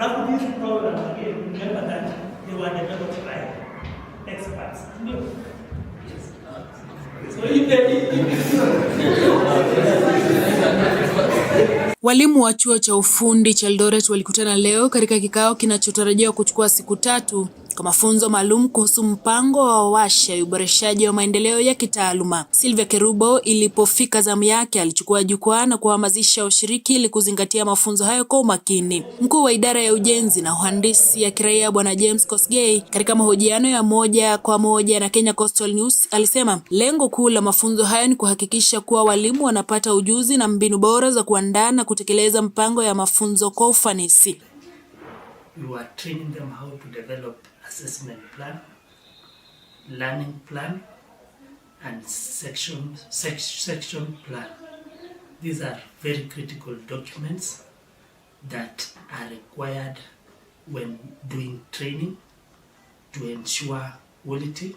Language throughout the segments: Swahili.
Alafu hizi problem, again, remember that they were developed by experts. Ndio. Yes. So if they Walimu wa chuo cha ufundi cha Eldoret walikutana leo katika kikao kinachotarajiwa kuchukua siku tatu kwa mafunzo maalum kuhusu mpango wa washa ya uboreshaji wa maendeleo ya kitaaluma. Silvia Kerubo ilipofika zamu yake alichukua jukwaa na kuhamasisha washiriki ili kuzingatia mafunzo hayo kwa umakini. Mkuu wa idara ya ujenzi na uhandisi ya kiraia Bwana James Kosgei katika mahojiano ya moja kwa moja na Kenya Coastal News alisema lengo kuu la mafunzo hayo ni kuhakikisha kuwa walimu wanapata ujuzi na mbinu bora za kuandaa na kutekeleza mpango ya mafunzo kwa ufanisi you are training them how to develop assessment plan, learning plan, and section, sec section plan. These are very critical documents that are required when doing training to ensure quality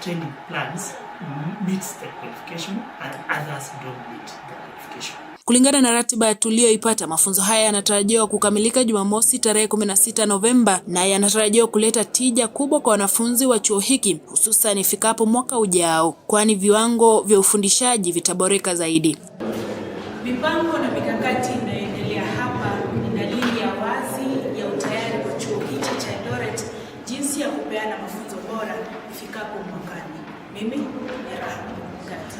training plans meets the qualification and others don't meet the qualification. Kulingana na ratiba tuliyoipata, mafunzo haya yanatarajiwa kukamilika Jumamosi tarehe 16 Novemba na yanatarajiwa kuleta tija kubwa kwa wanafunzi wa chuo hiki hususan ifikapo mwaka ujao, kwani viwango vya ufundishaji vitaboreka zaidi. Mipango na mikakati inayoendelea hapa ni dalili ya wazi ya utayari wa chuo hiki cha Eldoret jinsi ya kupeana mafunzo bora ifikapo mwaka mimi ni Rahma Mkati.